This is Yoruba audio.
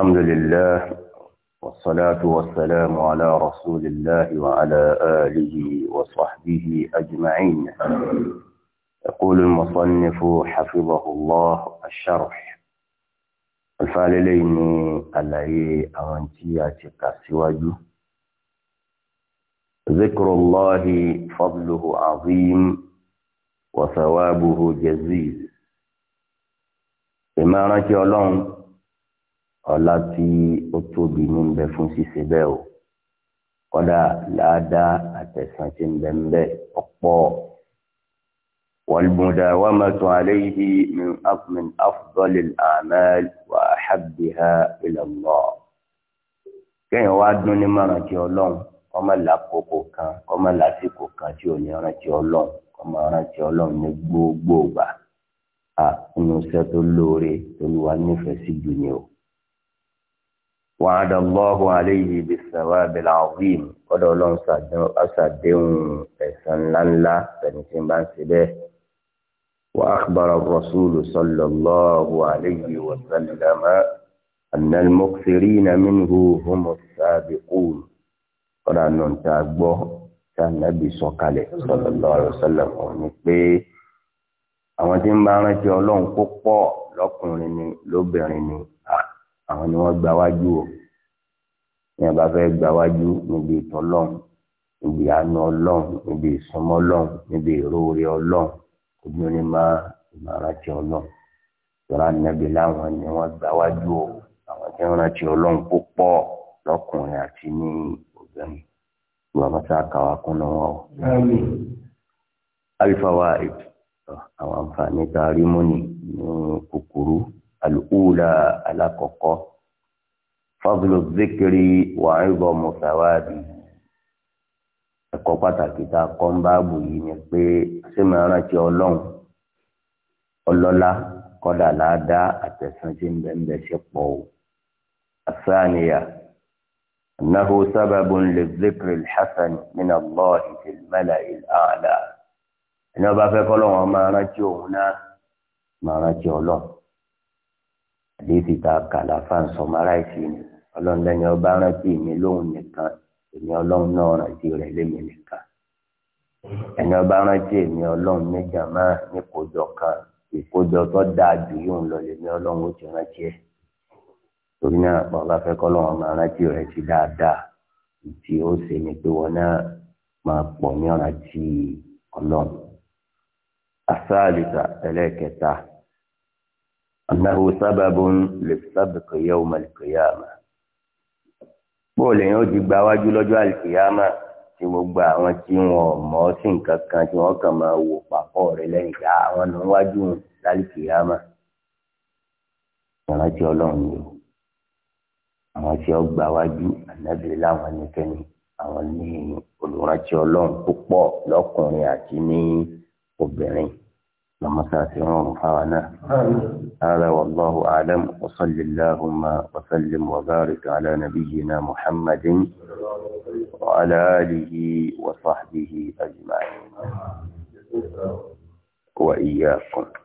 الحمد لله والصلاة والسلام على رسول الله وعلى آله وصحبه أجمعين يقول المصنف حفظه الله الشرح الفاللين اللي أوانتياتك سواجه ذكر الله فضله عظيم وثوابه جزيل إما الله ọlá tí ó tóbi ní ń bẹ fún ṣíṣe bẹ́ẹ̀ o kódà ládàá àtẹ̀sán tí ń bẹ ń bẹ ọ̀pọ̀ والمداومة عليه من من أفضل الأعمال وأحبها إلى الله kéèyàn wá dún ní márùn Ọlọ́run kọmọ làkókò kan kọmọ lásìkò kan tí ò ní rántí Ọlọ́run kọmọ rántí Ọlọ́run ní gbogbo ìgbà a tó lóore tó lù wá nífẹ̀ẹ́ sí jù ni o وعد الله عليه بالثواب العظيم ọ̀dọ̀ Ọlọ́run ṣàdéhùn ẹ̀san ńláńlá ẹni tí ń bá ń ṣe bẹ́ẹ̀ وأخبر الرسول صلى الله عليه وسلم أن المكثرين منه هم السابقون ọ̀dọ̀ àná tá a gbọ́ tá a nàbì sọ̀kalẹ̀ sallallahu alaihi wasallam ni pé àwọn tí ń bá rántí Ọlọ́run púpọ̀ lọ́kùnrin ni lóbìnrin ni àwọn ni wọ́n gba wájú o ní ẹ bá fẹ́ gba wájú níbi ìtọ́lọ́hún níbi àánú ọlọ́hún níbi ìsúnmọ́ ọlọ́hún níbi ìróore ọlọ́hún ojú ni máa ìmọ̀ràtì ọlọ́hún ìjọba nàbí láwọn ni wọ́n gba wájú o àwọn tí wọ́n rántí ọlọ́hún púpọ̀ lọ́kùnrin àti ní obìnrin ìwà mọ́tà kàwá kúnná wọn o. alifawa àwọn àǹfààní tá a rí mú ni ní kókó mas'ala alákọ̀ọ́kọ́ fadlu zikiri wa 'idhamu thawaabi ẹ̀kọ́ pàtàkì tá a kọ́ ń báàbù yìí ni pé ṣé màá rántí ọlọ́run ọlọ́lá kọ́dà láàdá àtẹ̀sán tí ń bẹ̀ ń bẹ̀ ṣe pọ̀ o. àsáàníyà annahu sababun lè zikiri hasan min Allah fil mala'i ẹni ọba fẹ́ kọ́ lọ́wọ́ máa rántí òun náà máa rántí ọlọ́run àdéhìí ta kàlàfà ń sọmaráìsì ni ọlọ́run lẹ́ni ọba rántí mi lóhun nìkan èmi ọlọ́run náà rántí rẹ̀ lémi nìkan ẹni ọba rántí èmi ọlọ́run níjà máa ní kójọ kan ìkójọ tó dáa jù yóò lọ lèmi ọlọ́run ó ti rántí ẹ̀ torí náà bàbá fẹ́ kọ́ lọ́wọ́ máa rántí rẹ̀ sí dáadáa tí ó ṣe ni pé wọn náà máa pọ̀ ní ọ̀nà tí ọlọ́run. asáàlìkà ẹlẹ́kẹta. أنه سبب للسبق يوم القيامة bóòlù yẹn ó ti gba wájú lọ́jọ́ àlìkìyàmà tí gbogbo àwọn tí wọn mọ̀ ọ́ sí nǹkan kan tí wọ́n kàn máa wò papọ̀ rẹ lẹ́yìn tí àwọn nù wájú lálìkìyàmà ìrántí ọlọ́run yìí àwọn tí ó gba wájú ànábìrì láwọn nìkẹ́ni àwọn ní olùrántí ọlọ́run púpọ̀ lọ́kùnrin àti ní obìnrin. لما سافرون فعنا هذا والله أعلم وصل اللهم وسلم وبارك على نبينا محمد وعلى آله وصحبه أجمعين وإياكم